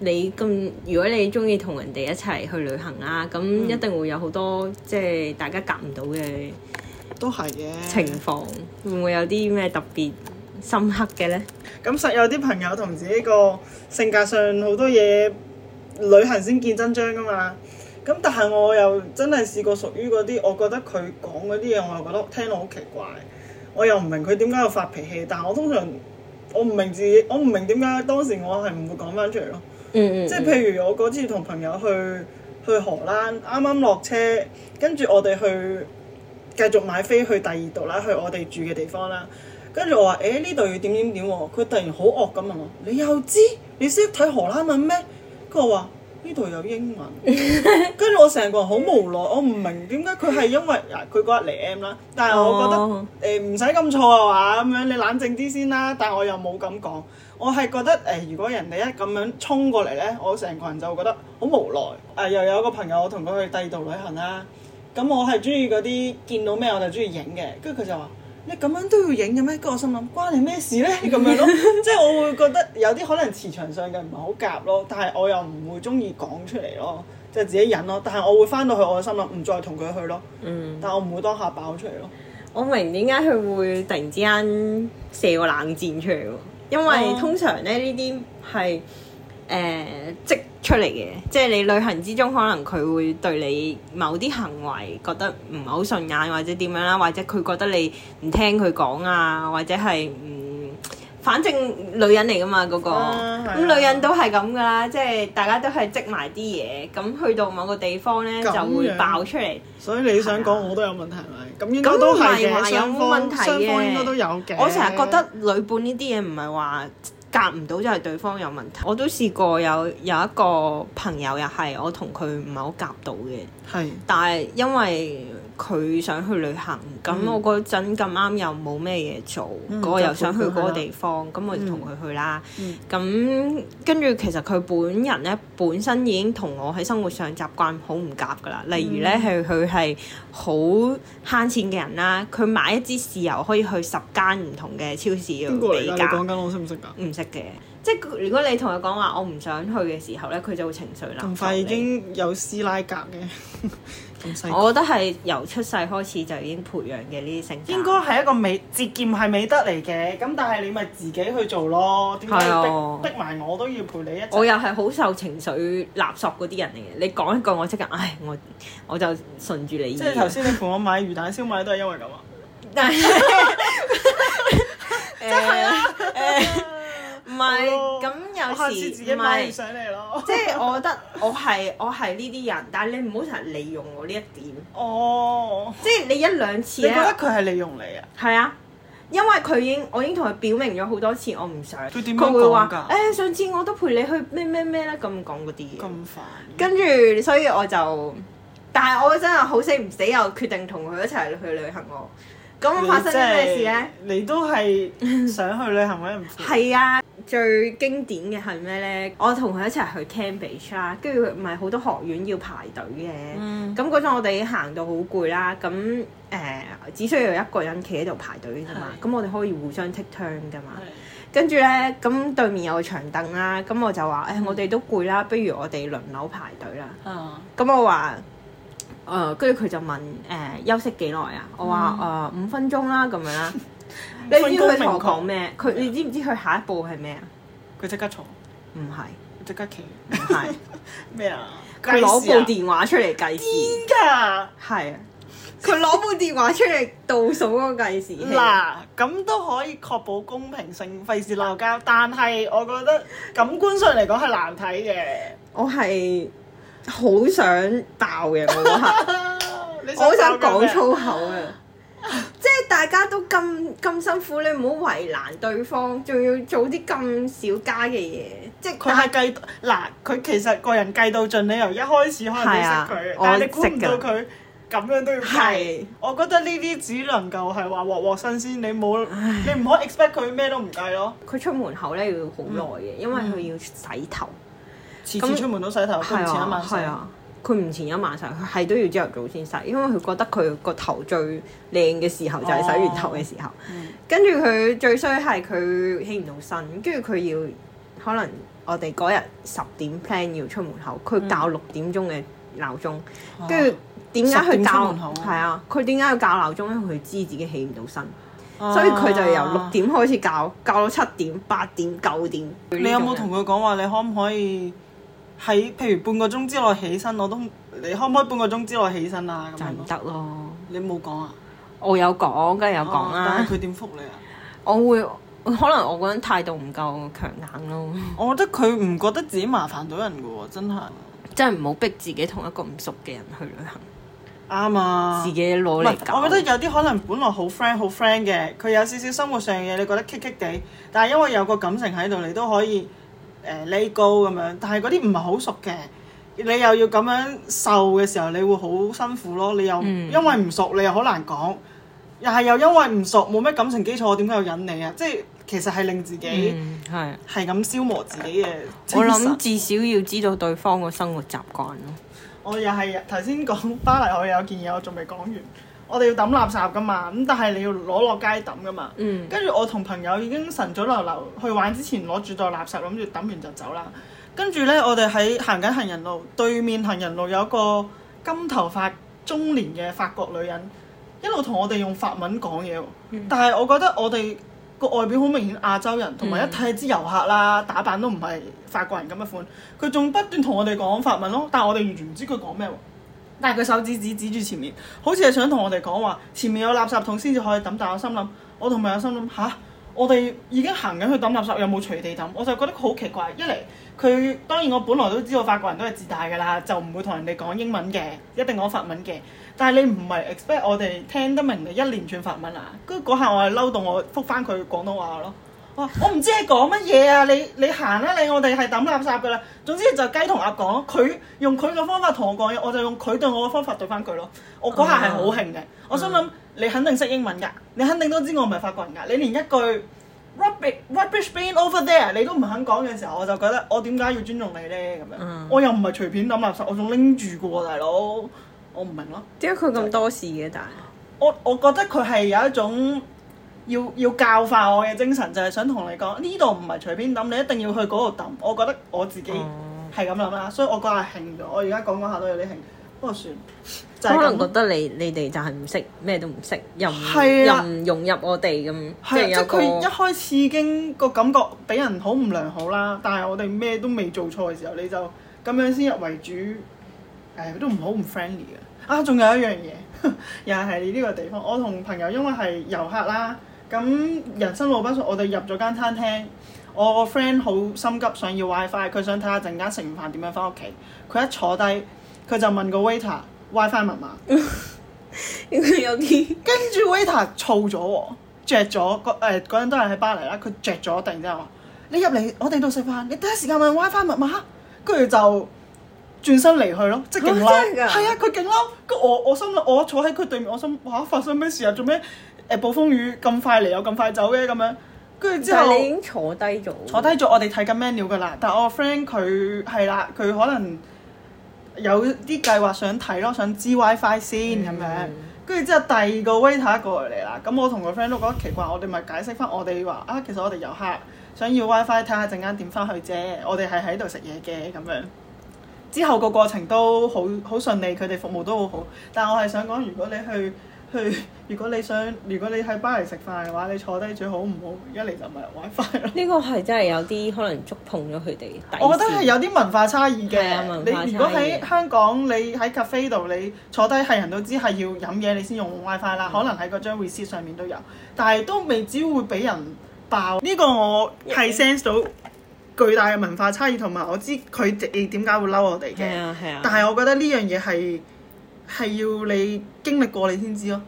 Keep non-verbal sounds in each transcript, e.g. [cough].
你咁，如果你中意同人哋一齊去旅行啊，咁一定會有好多、嗯、即係大家夾唔到嘅，都係嘅情況，會唔會有啲咩特別深刻嘅呢？咁實、嗯、有啲朋友同自己個性格上好多嘢，旅行先見真章㗎嘛。咁但係我又真係試過屬於嗰啲，我覺得佢講嗰啲嘢，我又覺得聽落好奇怪，我又唔明佢點解又發脾氣。但我通常我唔明自己，我唔明點解當時我係唔會講返出嚟咯。即係譬如我嗰次同朋友去去荷蘭，啱啱落車，跟住我哋去繼續買飛去第二度啦，去我哋住嘅地方啦。跟住我話，誒呢度要點點點喎？佢突然好惡咁問我，你又知？你識睇荷蘭文咩？跟我話。呢度有英文，跟住 [laughs] 我成個人好無奈， [laughs] 我唔明點解佢係因為，佢嗰日嚟 M 啦，但係我覺得誒唔使咁錯啊嘛，咁、哦呃、樣你冷靜啲先啦。但我又冇咁講，我係覺得誒、呃，如果人哋一咁樣衝過嚟呢，我成個人就會覺得好無奈。誒、呃，又有一個朋友，我同佢去第二度旅行啦，咁、啊嗯、我係中意嗰啲見到咩我就中意影嘅，跟住佢就話。你咁樣都要影嘅咩？跟住我心諗，關你咩事咧咁樣咯， [laughs] 即係我會覺得有啲可能磁場上嘅唔係好夾咯，但係我又唔會中意講出嚟咯，就自己忍咯。但係我會翻到去我嘅心諗唔再同佢去咯。嗯，但係我唔會當下爆出嚟咯。我明點解佢會突然之間射個冷箭出嚟喎？因為通常咧呢啲係。嗯誒積、呃、出嚟嘅，即係你旅行之中，可能佢會對你某啲行為覺得唔好順眼或，或者點樣啦，或者佢覺得你唔聽佢講啊，或者係嗯，反正女人嚟噶嘛嗰、嗰個，咁、啊嗯、女人都係咁噶啦，即係大家都係積埋啲嘢，咁去到某個地方咧就會爆出嚟。所以你想講我都有問題係咪？咁的應該都係嘅，雙方，雙方應該都有嘅。我成日覺得旅伴呢啲嘢唔係話。夾唔到就係對方有問題，我都試過有有一個朋友又係我同佢唔係好夾到嘅，是但係因為，佢想去旅行，咁我嗰陣咁啱又冇咩嘢做，嗰、嗯、個又想去嗰個地方，咁、嗯、我就同佢去啦。咁跟住其實佢本人咧本身已經同我喺生活上習慣好唔夾噶啦。例如咧係佢係好慳錢嘅人啦，佢買一支豉油可以去十間唔同嘅超市要比較。邊個你講緊我認認識唔識㗎？唔識嘅，即係如果你同佢講話我唔想去嘅時候咧，佢就會情緒難受。咁快已經有師奶夾嘅。 [laughs] 我覺得係由出世開始就已經培養嘅呢啲性格。應該係一個美節儉係美德嚟嘅，咁但係你咪自己去做咯。點解逼逼埋我都要陪你一齊？我又係好受情緒勒索嗰啲人嚟嘅，你講一句我即刻，唉，我我就順住你意思。即係頭先你陪我買魚蛋燒賣都係因為咁啊！真係啊！唔係咁有時唔係，即係我覺得我係我係呢啲人，但係你唔好成日利用我呢一點。哦，即係你一兩次，你覺得佢係利用你啊？係啊，因為佢已經我已經同佢表明咗好多次，我唔想。佢點佢會講㗎？誒的、欸，上次我都陪你去咩咩咩啦，咁講嗰啲嘢。咁煩。跟住所以我就，但係我真係好死唔死又決定同佢一齊去旅行喎。咁發生咩事咧、就是？你都係想去旅行，或者唔想去？係啊。最經典嘅係咩咧？我同佢一齊去 Cambridge 啦，跟住唔係好多學院要排隊嘅。咁嗰陣我哋行到好攰啦，咁誒、呃、只需要一個人企喺度排隊啫嘛。咁是我哋可以互相 take turn 噶嘛。跟住咧，咁對面有個長凳啦，咁我就話：誒、嗯欸，我哋都攰啦，不如我哋輪流排隊啦。咁、嗯、我話：誒、呃，跟住佢就問：誒、呃，休息幾耐啊？我話：誒、呃，五分鐘啦，咁樣啦。 [laughs] 你知佢同我講咩？佢你知唔知佢下一步係咩啊？佢即刻坐，唔係，即刻企。唔係咩啊？佢攞部電話出嚟計時。堅㗎，係啊！佢攞部電話出嚟倒數嗰個計時。嗱，咁都可以確保公平性，費事鬧交。但係我覺得感官上嚟講係難睇嘅。我係好想爆嘅，我好想講粗口啊！即係大家都。咁咁辛苦你唔好為難對方，仲要做啲咁小家嘅嘢，即係佢係計嗱，佢其實個人計到盡，你由一開始可能，都識佢、啊，但係你估唔到佢咁樣都要。係的，我覺得呢啲只能夠係話鑊鑊新鮮，你冇唉你唔可以 expect 佢咩都唔計咯。佢出門口咧要好耐嘅，嗯、因為佢要洗頭，次、嗯、次出門都洗頭，都遲你一晚洗啊。佢唔前一晚洗，佢係都要朝頭早先洗，因為佢覺得佢個頭最靚嘅時候就係洗完頭嘅時候。跟住佢最衰係佢起唔到身，跟住佢要可能我哋嗰日十點 plan 要出門口，佢要教六點鐘嘅鬧鐘。跟住點解佢教？係啊，佢點解要教鬧鐘咧？因為佢知自己起唔到身，啊、所以佢就由六點開始教，教到七點、八點、九點。你有冇同佢講話？你可唔可以？喺譬如半個鐘之內起身，我都你可唔可以半個鐘之內起身啊？咁就唔得咯。你冇講啊？我有講，梗係有講啦、哦。但係佢點覆你啊？我會可能我個人態度唔夠強硬咯。 [laughs] 我覺得佢唔覺得自己麻煩到人嘅喎，真係 [laughs] 真係唔好逼自己同一個唔熟嘅人去旅行。啱、嗯、啊！自己攞嚟唔係，我覺得有啲可能本來好 friend 好 friend 嘅，佢有少少生活上嘅嘢，你覺得棘棘地，但係因為有個感情喺度，你都可以。誒拉高咁樣，go, 但係嗰啲唔係好熟嘅，你又要咁樣受嘅時候，你會好辛苦咯。你又因為唔熟，嗯、你又好難講，又係又因為唔熟，冇咩感情基礎，我點解要忍你啊？即係其實係令自己係係咁消磨自己嘅、嗯。我諗至少要知道對方嘅生活習慣咯。我又係頭先講巴黎，我有件嘢我仲未講完。我哋要抌垃圾㗎嘛，咁但係你要攞落街抌㗎嘛。跟住、嗯、我同朋友已經晨早流流去玩之前攞住袋垃圾，諗住抌完就走啦。跟住咧，我哋喺行緊行人路，對面行人路有一個金頭髮中年嘅法國女人，一路同我哋用法文講嘢。嗯、但係我覺得我哋個外表好明顯亞洲人，同埋一睇知遊客啦，嗯、打扮都唔係法國人咁嘅款。佢仲不斷同我哋講法文咯，但係我哋完全唔知佢講咩喎。但係佢手指指指住前面，好似係想同我哋講話，前面有垃圾桶先至可以抌。但係我心諗，我同埋我心諗下，我哋已經行緊去抌垃圾，有冇隨地抌？我就覺得佢好奇怪。一嚟佢當然我本來都知道法國人都係自大㗎啦，就唔會同人哋講英文嘅，一定講法文嘅。但係你唔係 expect 我哋聽得明你一連串法文啊？跟住嗰下我係嬲到我覆翻佢廣東話咯。我唔知你講乜嘢啊！你你行啦，你，啊、你我哋係抌垃圾嘅啦。總之就雞同鴨講咯。佢用佢嘅方法同我講嘢，我就用佢對我嘅方法對翻佢咯。我嗰下係好興嘅。Uh huh. 我心諗你肯定識英文㗎，你肯定都知我唔係法國人㗎。你連一句 it, rubbish rubbish bin over there 你都唔肯講嘅時候，我就覺得我點解要尊重你呢咁樣？uh？Huh. 我又唔係隨便抌垃圾，我仲拎住嘅喎，大佬。我唔明咯。點解佢咁多事嘅？但係我我覺得佢係有一種。要要教化我嘅精神就係、是、想同你講，呢度唔係隨便揼，你一定要去嗰度揼。我覺得我自己係咁諗啦，所以我嗰下興咗，我而家講講下都有啲興。不過算，就是、可能覺得你你哋就係唔識咩都唔識，又的又唔融入我哋咁。即係佢、就是、一開始已經個感覺俾人好唔良好啦，但係我哋咩都未做錯嘅時候，你就咁樣先入為主，誒、哎、都唔好唔 friendly 嘅。啊，仲有一樣嘢，又係呢個地方，我同朋友因為係遊客啦。咁人生路不熟，我哋入咗間餐廳，我個 friend 好心急想要 WiFi，佢想睇下陣間食完飯點樣翻屋企。佢一坐低，佢就問個 waiter WiFi 密碼，跟住 waiter 燥咗，着咗個誒嗰陣都係喺巴黎啦，佢着咗突然之後話，你入嚟我哋度食飯，你第一時間問 WiFi 密碼，跟住就轉身離去咯，即係勁嬲，係啊，佢勁嬲。咁我我心我坐喺佢對面，我心哇發生咩事啊？做咩？誒暴、哎、風雨咁快嚟又咁快走嘅咁樣，跟住之後，你已經坐低咗，坐低咗我哋睇緊 menu 噶啦。但係我個 friend 佢係啦，佢可能有啲計劃想睇咯，想知 WiFi 先咁、嗯、樣。跟住之後第二個 waiter 過嚟啦，咁我同個 friend 都覺得奇怪，我哋咪解釋翻，我哋話啊，其實我哋遊客想要 WiFi 睇下陣間點翻去啫，我哋係喺度食嘢嘅咁樣。之後個過程都好好順利，佢哋服務都好好。但係我係想講，如果你去。去，如果你想，如果你喺巴黎食飯嘅話，你坐低最好唔好一嚟就唔係 WiFi 咯。呢個係真係有啲可能觸碰咗佢哋。我覺得係有啲文化差異嘅。係啊，文化差異。你如果喺香港，你喺 cafe 度你坐低係人都知係要飲嘢你先用 WiFi 啦，嗯、可能喺個張 receipt 上面都有，但係都未知會俾人爆。呢個我係 sense 到巨大嘅文化差異，同埋我知佢哋點解會嬲我哋嘅。係啊，係啊。但係我覺得呢樣嘢係。係要你經歷過你先知咯，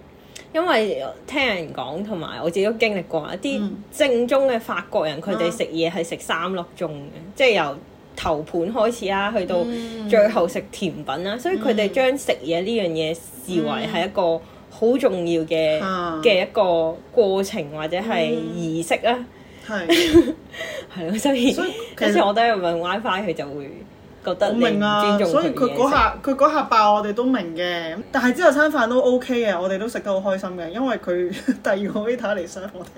因為聽人講同埋我自己都經歷過一啲、嗯、正宗嘅法國人佢哋食嘢係食三粒鐘嘅，即係由頭盤開始啦、啊，去到最後食甜品啦，嗯、所以佢哋將食嘢呢樣嘢視為係一個好重要嘅嘅、嗯、一個過程或者係儀式啦、啊。係係咯，嗯、 [laughs] [laughs] [laughs] 所以，所以一次我都係問 WiFi，佢就會。覺得好明啊，所以佢嗰下佢下爆，我哋都明嘅。的但係之後餐飯都 OK 嘅，我哋都食得好開心嘅，因為佢第二個 e t a 嚟想我哋。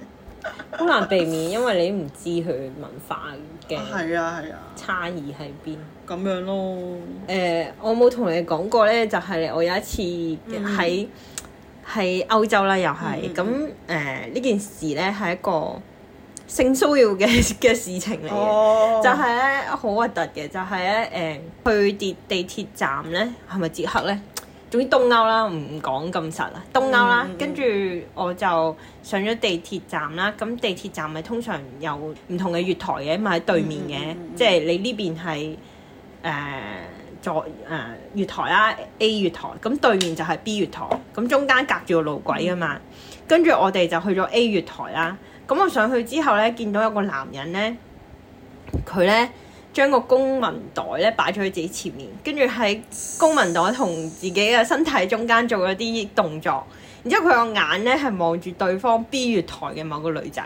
好 [laughs] 難避免，因為你唔知佢文化嘅差異喺邊。咁、啊、樣咯。誒、呃，我冇同你講過呢，就係、是、我有一次喺喺、嗯、歐洲啦，又係咁誒呢件事呢，係一個。性騷擾嘅嘅事情嚟嘅、oh。就係，就係咧好核突嘅，就係咧誒去跌地鐵站咧，係咪捷克咧？總之東歐啦，唔講咁實啦，東歐啦。跟住、mm hmm。我就上咗地鐵站啦，咁地鐵站咪通常有唔同嘅月台嘅，咪喺對面嘅，mm hmm。即係你呢邊係誒左誒月台啦 A 月台，咁對面就係 B 月台，咁中間隔住個路軌啊嘛。跟住、mm hmm。我哋就去咗 A 月台啦。咁我上去之後咧，見到有個男人咧，佢咧將個公文袋咧擺咗喺自己前面，跟住喺公文袋同自己嘅身體中間做咗啲動作，然之後佢個眼咧係望住對方 B 月台嘅某個女仔，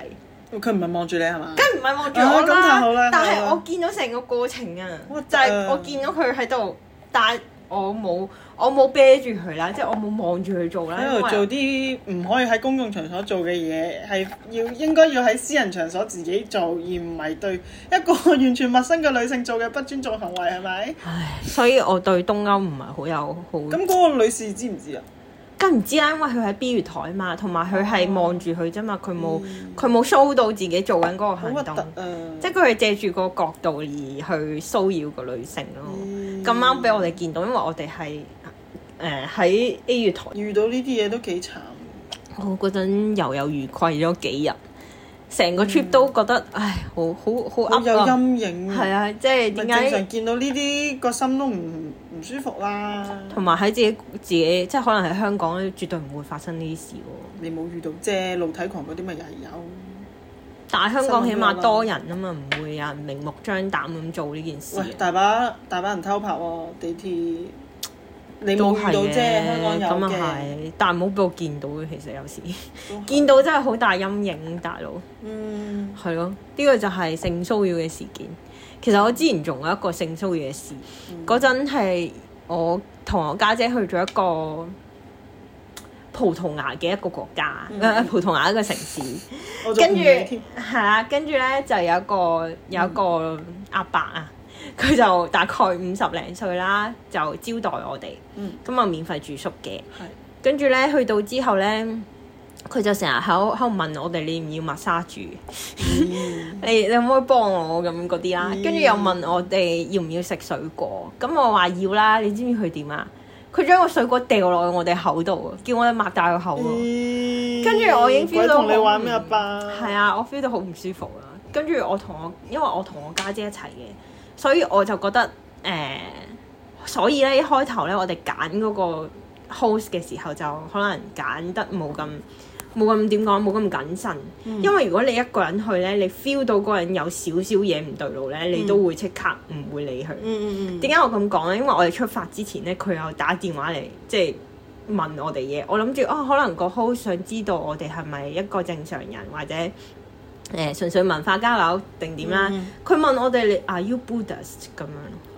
佢唔係望住你係嘛？梗唔係望住我啦，但係我見到成個過程啊，就係 's 我見到佢喺度，但係我冇。我冇啤住佢啦，即係我冇望住佢做啦。喺度做啲唔可以喺公共場所做嘅嘢，係要應該要喺私人場所自己做，而唔係對一個完全陌生嘅女性做嘅不尊重行為，係咪？唉，所以我對東歐唔係好有好。咁嗰個女士知唔知啊？梗唔知啦，因為佢喺 B 台嘛，同埋佢係望住佢啫嘛，佢冇佢冇 show 到自己做緊嗰個行動，嗯、即係佢係借住個角度而去騷擾個女性咯。咁啱俾我哋見到，因為我哋係。誒喺、嗯、A 月台遇到呢啲嘢都慘幾慘。我嗰陣猶有餘悸咗幾日，成個 trip 都覺得，嗯、唉，好好好噏。有陰影。係、嗯、啊，即係點解？正常見到呢啲個心都唔唔舒服啦。同埋喺自己自己，即係可能喺香港咧，絕對唔會發生呢啲事喎。你冇遇到啫，即露體狂嗰啲咪又有。但係香港起碼多人啊嘛，唔會，會有人明目張膽咁做呢件事。喂，大把大把人偷拍喎地鐵。都係嘅，咁啊，係，但係唔好俾我見到嘅。其實有時見到真係好大陰影，大佬。嗯。係咯，呢個就係性騷擾嘅事件。其實我之前仲有一個性騷擾嘅事，嗰陣係我同我家姐去咗一個葡萄牙嘅一個國家，葡萄牙一個城市。跟住係啦，跟住咧就有一個有一個阿伯啊。佢就大概五十零歲啦，就招待我哋，咁啊、嗯、免費住宿嘅。跟住咧去到之後咧，佢就成日喺度問我哋你唔要抹沙住？你你可唔可以幫我咁嗰啲啦？跟住、嗯、又問我哋要唔要食水果？咁、嗯、我話要啦。你知唔知佢點啊？佢將個水果掉落去我哋口度，叫我哋抹大個口。跟住、嗯、我已經 feel 到同你玩咩吧？係啊，我 feel 到好唔舒服啦。我跟住我同我，因為我同我家姐、姐、姐一齊嘅。所以我就覺得，誒、呃，所以咧一開頭咧，我哋揀嗰個 host 嘅時候就可能揀得冇咁冇咁點講，冇咁謹慎。嗯、因為如果你一個人去咧，你 feel 到嗰人有少少嘢唔對路咧，你都會即刻唔會理佢。點解、嗯嗯嗯、我咁講咧？因為我哋出發之前咧，佢又打電話嚟即係問我哋嘢。我諗住哦，可能個 host 想知道我哋係咪一個正常人或者？誒純粹文化交流定點啦？佢、mm hmm，問我哋你 Are you Buddhist 咁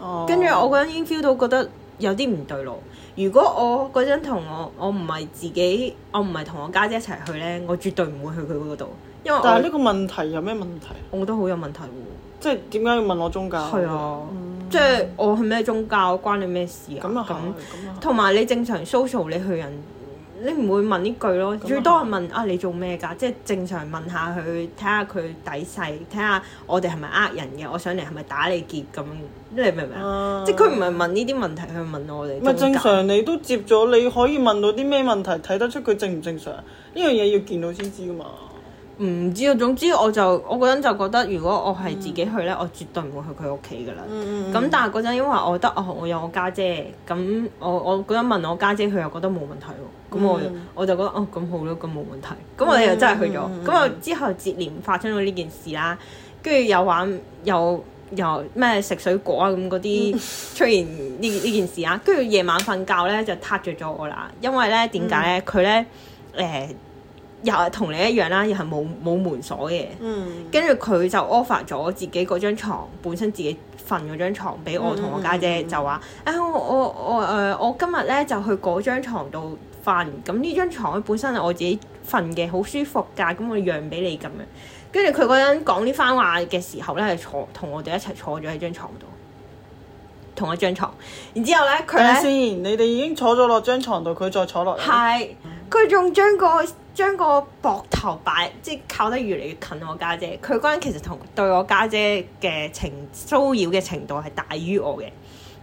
樣，跟住、oh，我嗰陣已經 feel 到覺得有啲唔對路。如果我嗰陣同我我唔係自己，我唔係同我家姐，姐一齊去呢，我絕對唔會去佢嗰度。因為但係呢個問題有咩問題？我覺得好有問題喎！即係點解要問我宗教？係啊，嗯、即係我係咩宗教關你咩事啊？咁啊、嗯，咁同埋你正常 social 你去人。你唔會問呢句咯，最多係問啊你做咩㗎？即係正常問下佢，睇下佢底細，睇下我哋係咪呃人嘅，我上嚟係咪打你劫咁？你明唔明啊？即係佢唔係問呢啲問題，去問我哋。咪正常？都你都接咗，你可以問到啲咩問題？睇得出佢正唔正常？呢樣嘢要見到先知㗎嘛？唔知啊，總之我就我嗰陣就覺得，如果我係自己去咧，嗯、我絕對唔會去佢屋企噶啦。咁、嗯、但係嗰陣，因為我覺得，哦，我有我家姐，姐，咁我我嗰陣問我家姐，姐，佢又覺得冇問題喎。咁、嗯、我我就覺得，哦，咁好咯，咁冇問題。咁我哋又真係去咗。咁啊、嗯、之後，接連發生咗呢件事啦，跟住又玩又又咩食水果啊咁嗰啲出現呢呢件事啦。跟住夜晚瞓覺咧就撻著咗我啦，因為咧點解咧佢咧誒？又係同你一樣啦，又係冇冇門鎖嘅。嗯，跟住佢就 offer 咗自己嗰張牀，本身自己瞓嗰張牀俾我同我家姐，姐，就話，誒我我我、呃、我今日咧就去嗰張牀度瞓。咁呢張床咧本身係我自己瞓嘅，好舒服㗎。咁我讓俾你咁樣。跟住佢嗰陣講呢番話嘅時候咧，係坐同我哋一齊坐咗喺張床度，同一張床。然之後咧，佢咧，呢你哋已經坐咗落張床度，佢再坐落嚟。係。佢仲將個將個膊頭擺，即係靠得越嚟越近我家姐，姐。佢嗰陣其實同對我家姐嘅情騷擾嘅程度係大於我嘅。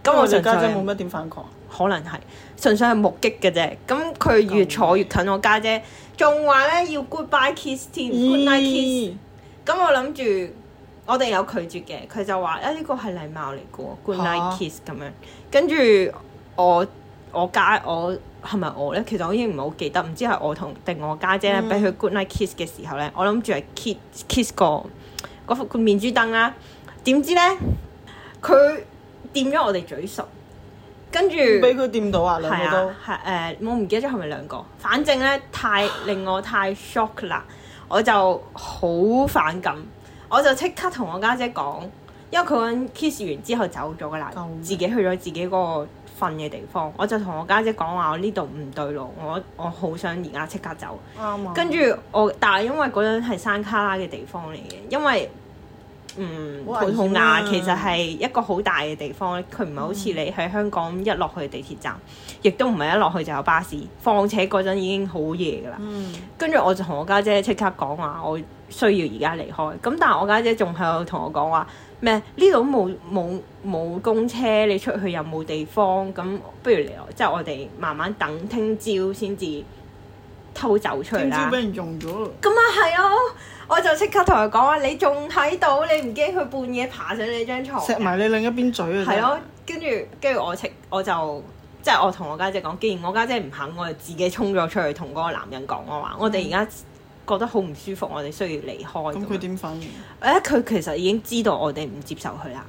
咁我家姐冇乜點反抗，可能係純粹係目擊嘅啫。咁佢越坐越近我家姐，姐，仲話咧要 goodbye kiss 添、嗯、goodnight kiss。咁我諗住我哋有拒絕嘅，佢就話啊呢、呢個係禮貌嚟嘅喎 goodnight kiss 咁、啊、樣。跟住我我家我。係咪我咧？其實我已經唔係好記得，唔知係我同定我家姐咧，俾佢、嗯、goodnight kiss 嘅時候咧，我諗住係 kiss kiss 個嗰幅面珠燈啦。點知咧，佢掂咗我哋嘴唇，跟住俾佢掂到啊！兩個都係誒、啊啊呃，我唔記得咗係咪兩個，反正咧太令我太 shock 啦，我就好反感，我就即刻同我家姐講，因為佢講 kiss 完之後走咗噶啦，了自己去咗自己嗰、那個。瞓嘅地方，我就同我家姐講話，我呢度唔對路，我我好想而家即刻走。啱啊！跟住我，但係因為嗰陣係山卡拉嘅地方嚟嘅，因為嗯，葡萄牙其實係一個好大嘅地方，佢唔係好似你喺香港一落去嘅地鐵站，亦都唔係一落去就有巴士。況且嗰陣已經好夜㗎喇，嗯、跟住我就同我家姐即刻講話，我需要而家離開。咁但係我家姐仲喺度同我講話。咩？呢度冇冇冇公車，你出去又冇地方，咁不如嚟我，即係我哋慢慢等聽朝先至偷走出嚟啦。聽朝俾人用咗。咁啊係咯、哦，我就即刻同佢講話，你仲喺度？你唔驚佢半夜爬上你張床？」錫埋你另一邊嘴啊！係咯、哦，跟住跟住我即我就，我就即係我同我家姐講，既然我家姐唔肯，我就自己衝咗出去同嗰個男人講我話，我哋而家。嗯覺得好唔舒服，我哋需要離開。咁佢點反應？誒、欸，佢其實已經知道我哋唔接受佢啦，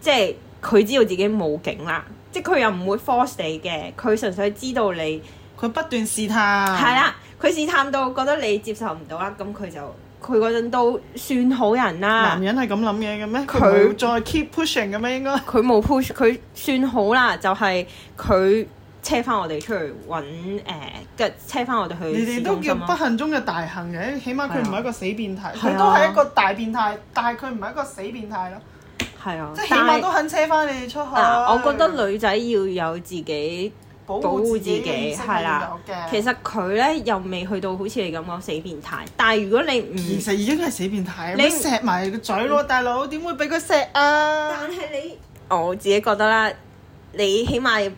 即係佢知道自己冇景啦，即係佢又唔會 force 你嘅，佢純粹知道你，佢不斷試探。係啦，佢試探到覺得你接受唔到啦，咁佢就佢嗰陣都算好人啦。男人係咁諗嘢嘅咩？佢他再 keep pushing 嘅咩？應該佢冇 push，佢算好啦，就係佢。車翻我哋出去揾誒，跟、呃、車翻我哋去。你哋都叫不幸中嘅大幸嘅，起碼佢唔係一個死變態，佢、啊、都係一個大變態，但係佢唔係一個死變態咯。係啊，即係起碼都肯車翻你哋出去。嗱、啊，我覺得女仔要有自己保護自己係啦。其實佢咧又未去到好似你咁講死變態，但係如果你唔，其實已經係死變態。你錫埋個嘴咯，你大佬點會俾佢錫啊？但係你，我自己覺得啦，你起碼。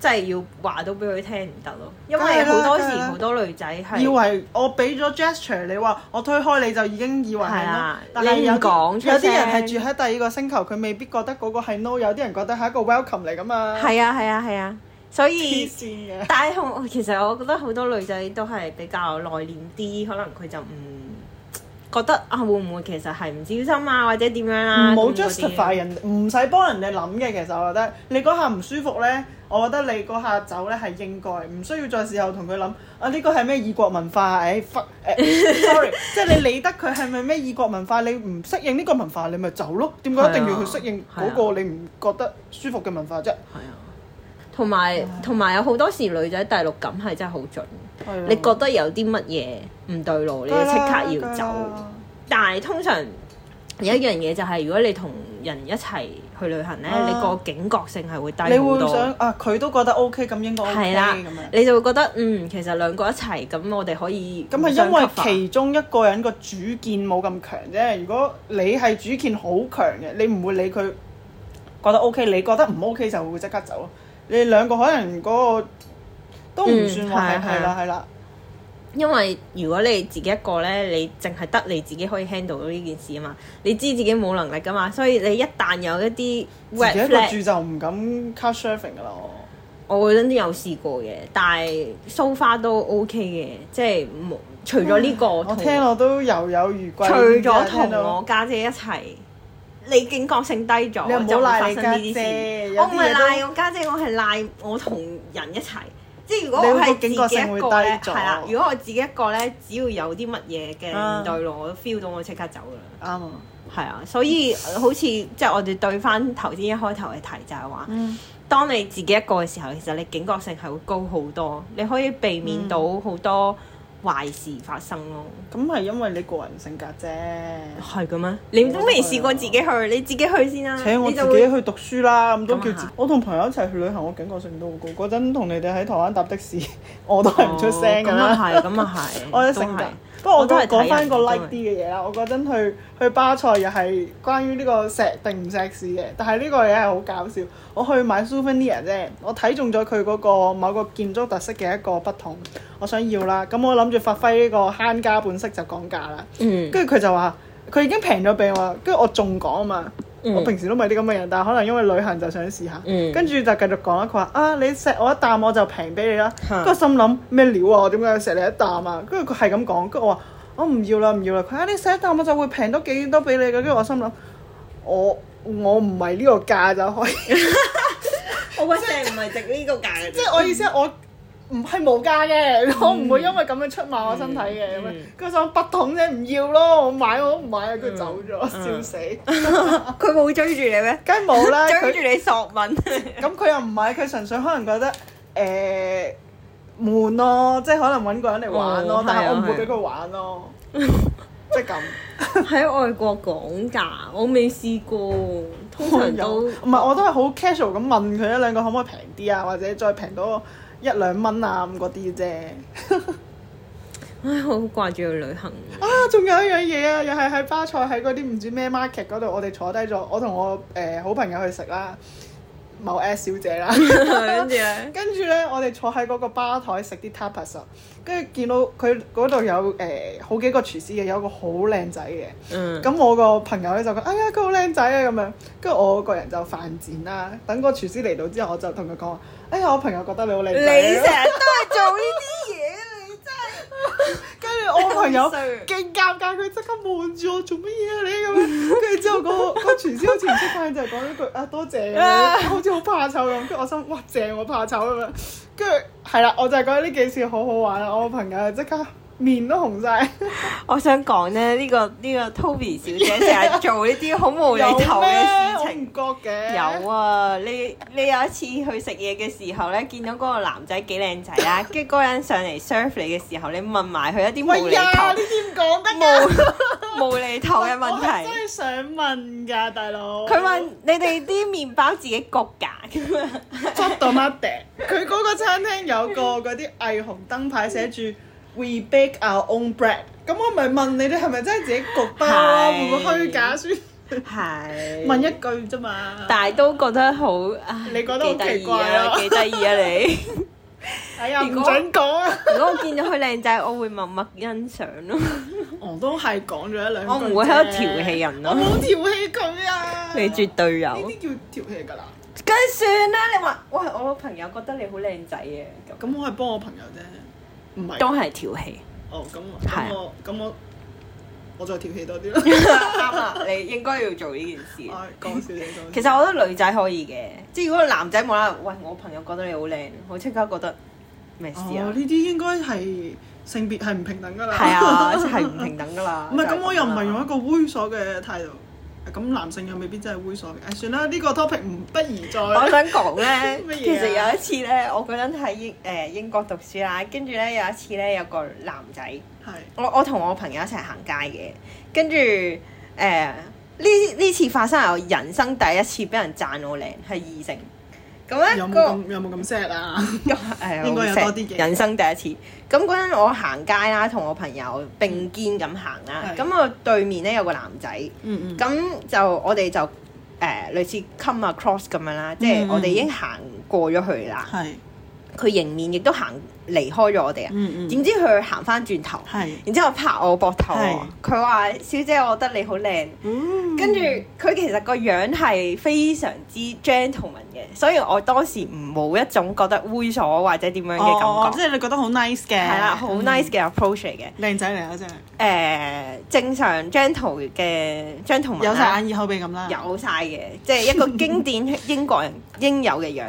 即係要話到俾佢聽唔得咯，因為好、啊、多時好、啊、多女仔係以為我俾咗 gesture，你話我推開你就已經以為係咯。但係有講出聲，有啲人係住喺第二個星球，佢未必覺得嗰個係 no，有啲人覺得係一個 welcome 嚟噶嘛。係啊係啊係啊，所以但係其實我覺得好多女仔都係比較內斂啲，可能佢就唔。覺得啊會唔會其實係唔小心啊或者點樣啦、啊？唔好 justify 人，唔使幫人哋諗嘅。其實我覺得你嗰下唔舒服呢，我覺得你嗰下走呢係應該，唔需要再時候同佢諗啊。呢個係咩異國文化、啊？誒、哎，sorry 即係你理得佢係咪咩異國文化？你唔適應呢個文化，你咪走咯。點解一定要去適應嗰個你唔覺得舒服嘅文化啫？係啊，同埋同埋有好多時女仔第六感係真係好準。你覺得有啲乜嘢唔對路，你就即刻要走。但係通常有一樣嘢就係，如果你同人一齊去旅行呢，啊、你個警覺性係會低好多。你會想啊，佢都覺得 OK，咁應該 OK 咁樣。你就會覺得嗯，其實兩個一齊咁，我哋可以。咁係因為其中一個人個主見冇咁強啫。如果你係主見好強嘅，你唔會理佢覺得 OK，你覺得唔 OK 就會即刻走咯。你兩個可能嗰、那個。都唔算係，係啦係啦，嗯、因為如果你自己一個咧，你淨係得你自己可以 handle 到呢件事啊嘛，你知自己冇能力噶嘛，所以你一旦有一啲，自己獨住就唔敢 couchsurfing 噶咯。我真啲有試過嘅，但係、so、far 都 OK 嘅，即係除咗呢個、啊。我聽落都猶有餘悸。除咗同我家姐，姐一齊，到你警覺性低咗，你賴你姐姐就冇發生呢啲事。我唔係賴我家姐，姐，我係賴我同人一齊。即係如果我係自己一個咧，係啦、啊，如果我自己一個咧，只要有啲乜嘢嘅唔對路，啊、我都 feel 到我即刻走㗎啦。啱啊、嗯，係啊，所以好似即係我哋對翻頭先一開頭嘅題、就係，就係話，當你自己一個嘅時候，其實你警覺性係會高好多，你可以避免到好多、嗯。壞事發生咯、哦！咁係因為你個人性格啫，係嘅咩？我 你都未試過自己去，啊、你自己去先啦、啊。請我自己去讀書啦，咁都叫自己。我同朋友一齊去旅行，我警覺性都好高。嗰陣同你哋喺台灣搭的士，我都係唔出聲㗎啦。咁又係，咁又係， [laughs] 我覺得性格。不過我都係講翻個 like 啲嘅嘢啦，我覺得去去巴塞，又係關於呢個石定唔石屎嘅，但係呢個嘢係好搞笑。我去買 souvenir 啫，我睇中咗佢嗰個某個建築特色嘅一個不同，我想要啦。咁我諗住發揮呢個慳家本色就講價啦。跟住佢就話佢已經平咗俾我，跟住我仲講啊嘛。我平時都唔係啲咁嘅人，但係可能因為旅行就想試下，跟住、嗯、就繼續講啦。佢話啊，你錫我一啖我就平俾你啦。跟住是的 心諗咩料啊？我點解要錫你一啖啊？跟住佢係咁講，跟住我話我唔要啦，唔要啦。佢話你錫一啖我就會平多幾多俾你嘅。跟住我心諗我我唔係呢個價就可以，我即係唔係值呢個價？即係我意思係我。唔係無價嘅，我唔會因為咁樣出賣我身體嘅。咁樣佢想八桶啫，唔要咯，我買我都唔買啊！佢走咗，笑死。佢冇追住你咩？梗係冇啦。追住你索吻。咁佢又唔買，佢純粹可能覺得誒悶咯，即係可能揾個人嚟玩咯。但係我唔會俾佢玩咯，即係咁。喺外國講價，我未試過。通常有唔係，我都係好 casual 咁問佢一兩個可唔可以平啲啊，或者再平多。一兩蚊啊咁嗰啲啫，唉 [laughs] 、哎，好掛住去旅行啊！仲有一樣嘢啊，又係喺巴塞喺嗰啲唔知咩 market 嗰度，我哋坐低咗，我同我誒、呃、好朋友去食啦，某 S 小姐啦， [laughs] [laughs] [laughs] 跟住咧，跟住咧，我哋坐喺嗰個吧台食啲 tapas，跟住見到佢嗰度有誒、呃、好幾個廚師嘅，有個好靚仔嘅，嗯，咁我個朋友咧就講，哎呀佢好靚仔啊咁樣，跟住我個人就犯賤啦，等個廚師嚟到之後，我就同佢講。哎呀！我朋友覺得你好靚女，你成日都係做呢啲嘢， [laughs] 你真係。跟住 [laughs] 我朋友 [laughs] 勁尷尬，佢即刻望住我做乜嘢啊？你咁樣，跟住之後嗰嗰傳銷前出翻嚟就係講一句啊，多謝你， [laughs] 好似好怕醜咁。跟住我心哇正，我怕醜咁樣。跟住係啦，我就係覺得呢幾次好好玩啊！我朋友即刻。 [laughs] [laughs] 面都紅晒。 [laughs] 我想講咧，呢、呢個呢、呢個 Toby 小姐成日 [laughs] 做呢啲好無厘頭嘅事情。有咩？我唔覺嘅。有啊，你你有一次去食嘢嘅時候咧，見到嗰個男仔幾靚仔啊。跟住嗰人上嚟 serve 你嘅時候，你問埋佢一啲無厘頭嘅事情。乜嘢、哎？點講得㗎？無、無厘頭嘅問題。我，我真係想問㗎，大佬。佢問：你哋啲麵包自己焗㗎？焗 [laughs] 到乜佢嗰個餐廳有個嗰啲霓虹燈牌寫住。We bake our own bread。咁我咪問你哋係咪真係自己焗得咯？會唔會虛假先。係。問一句啫嘛。但係都覺得好，你覺得好奇怪咯，幾得意啊你。哎呀，唔準講啊！如果我見到佢靚仔，我會默默欣賞咯。我都係講咗一兩句啫。我唔會喺度調戲人咯。我冇調戲佢啊！你絕對有。呢啲叫調戲㗎啦。梗係算啦！你話，喂，我朋友覺得你好靚仔嘅，咁我係幫我朋友啫。都係調戲。哦，咁我咁我我再調戲多啲咯。啱啦，你應該要做呢件事。講笑，其實我覺得女仔可以嘅，即係如果男仔冇啦，喂，我朋友覺得你好靚，我即刻覺得咩事啊？呢啲應該係性別係唔平等㗎啦，係 [laughs] 啊，係唔平等㗎啦。唔係， [laughs] 咁我又唔係用一個猥瑣嘅態度。咁男性又未必真係猥瑣嘅，誒、哎、算啦，呢、這個 topic 唔不宜再。 [laughs] 我想講咧， [laughs] 麼其實有一次咧，我嗰陣喺英誒、呃、英國讀書啦，跟住咧有一次咧，有個男仔，係是我我同我朋友一齊行街嘅，跟住誒呢呢次發生係我人生第一次俾人讚我靚，係異性。咁咧，嗯、有冇咁有冇咁 sad 啊？誒、嗯，應該人生第一次。咁嗰陣我行街啦，同我朋友並肩咁行啦。咁、嗯、我對面咧有個男仔。咁、嗯嗯、就我哋就誒、呃、類似 come across 咁樣啦，嗯、即係我哋已經行過咗佢啦。嗯嗯佢迎面亦都行離開咗我哋啊，點知佢行翻轉頭，然之後拍我膊頭，佢話：小姐，我覺得你好靚。跟住佢其實個樣係非常之 gentleman 嘅，所以我當時唔冇一種覺得猥瑣或者點樣嘅感覺。即係你覺得好 nice 嘅，係啦，好 nice 嘅 approach 嘅。靚仔嚟啊，真係。誒，正常 gentle 嘅 gentleman，有晒眼耳口鼻咁啦，有晒嘅，即係一個經典英國人應有嘅樣。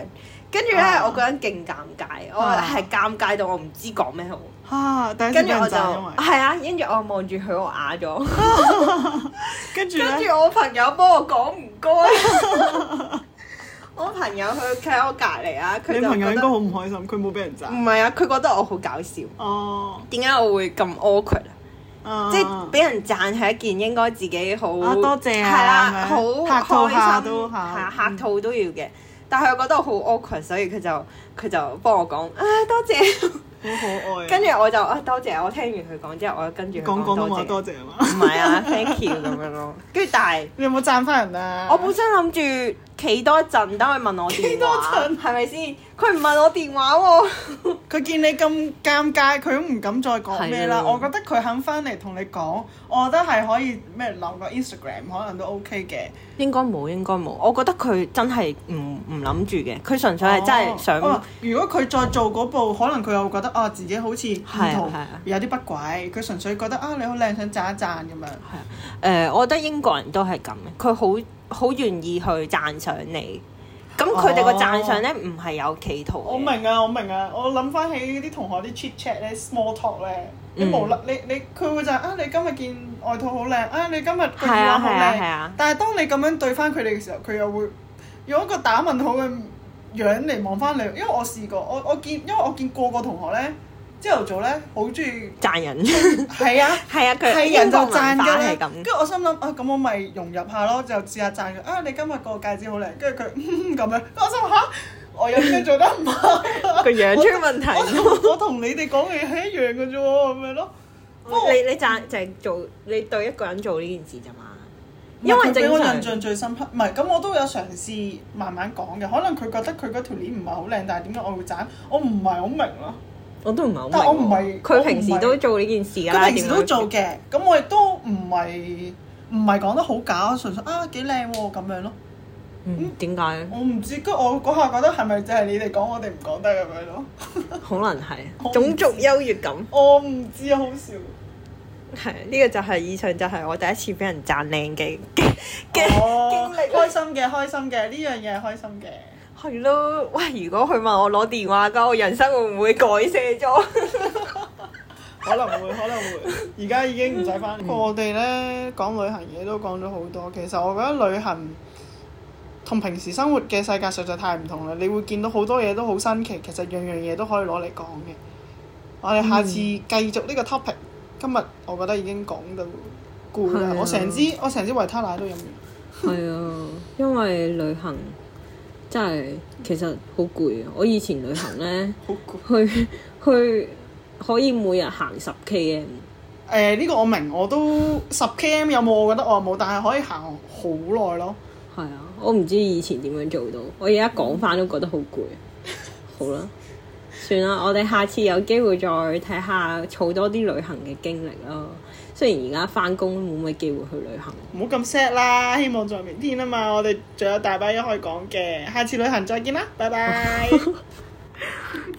跟住咧，我個人勁尷尬，我係尷尬到我唔知講咩好。跟住我就係啊，跟住我望住佢，我啞咗。跟住跟住我朋友幫我講唔該。我朋友佢企喺我隔離啊，佢朋友應該好唔開心，佢冇俾人讚。唔係啊，佢覺得我好搞笑。哦。點解我會咁 awkward 啊？即係俾人讚係一件應該自己好多謝，係啊！好開心，嚇客套都要嘅。但係我覺得我好 awkward，所以佢就佢就幫我講啊多謝， [laughs] 好可愛，啊。跟住我就啊多謝，我聽完佢講之後，我就跟住講講多謝多謝，唔係啊 [laughs] ，thank you 咁樣咯。跟住但係你有冇讚返人啊？我本身諗住。企多一陣，等佢問我企多陣，係咪先？佢唔問我電話喎。佢、哦、 [laughs] 見你咁尷尬，佢都唔敢再講咩啦。我覺得佢肯翻嚟同你講，我覺得係可以咩留個 Instagram，可能都 OK 嘅。應該冇，應該冇。我覺得佢真係唔唔諗住嘅，佢純粹係真係想、哦哦。如果佢再做嗰步，可能佢又覺得啊，自己好似唔有啲不軌。佢純粹覺得啊，你好靚，想讚一讚咁樣。係啊，誒、呃，我覺得英國人都係咁嘅，佢好，好願意去讚賞你，咁佢哋個讚賞咧，唔係有企圖。我明啊，我明啊，我諗翻起啲同學啲 chat chat 咧，small talk 咧，你無啦，你你佢會就係啊，你今日件外套好靚啊，你今日對眼好靚。啊啊啊、但係當你咁樣對翻佢哋嘅時候，佢又會用一個打問好嘅樣嚟望翻你，因為我試過，我我見，因為我見過個個同學咧。朝頭早咧，好中意讚人。係啊，係 [laughs] 啊，佢係人就讚嘅啦。跟住我心諗啊，咁我咪融入下咯，就試下讚佢。啊，你今日個戒指好靚，跟住佢咁樣。我心諗、啊、我有咩做得唔好？個樣出問題。我同你哋講嘅嘢係一樣嘅啫喎，係咪咯？你你讚就係、是、做你對一個人做呢件事啫嘛。因為俾我印象最深刻，唔係咁我都有嘗試慢慢講嘅。可能佢覺得佢嗰條鏈唔係好靚，但係點解我會讚？我唔係好明咯。我都唔係好明，佢平時都做呢件事㗎，佢平時都做嘅，咁我亦都唔係唔係講得好假，純粹啊幾靚喎咁樣咯。嗯，點解、嗯？我唔知，我嗰下覺得係咪就係你哋講，我哋唔講得咁樣咯？可能係種族優越感。我唔知，我唔知，好笑。係呢、呢個就係、係、以上就係我第一次俾人讚靚嘅嘅經歷，開心嘅，呢個、開心嘅呢樣嘢係開心嘅。係咯，喂！如果佢問我攞電話嘅，我人生會唔會改寫咗？可能會，可能會。而家已經唔使翻。不過、嗯、我哋咧講旅行嘢都講咗好多，其實我覺得旅行同平時生活嘅世界實在太唔同啦。你會見到好多嘢都好新奇，其實樣樣嘢都可以攞嚟講嘅。我哋下次繼續呢個 topic、嗯。今日我覺得已經講到攰啦，我成支我成支維他奶都飲完。係啊，因為旅行。真係其實好攰啊！我以前旅行咧 [laughs] 好攰，去去可以每日行十 km。誒呢、呃呢個我明，我都十 km 有冇？我覺得我冇，但係可以行好耐咯。係啊，我唔知以前點樣做到，我而家講翻都覺得 [laughs] 好攰。好啦，算啦，我哋下次有機會再睇下，儲多啲旅行嘅經歷啦。雖然而家返工都冇乜機會去旅行，唔好咁 sad 啦！希望在明天啊嘛，我哋仲有大把嘢可以講嘅，下次旅行再見啦，拜拜。 [laughs] [laughs]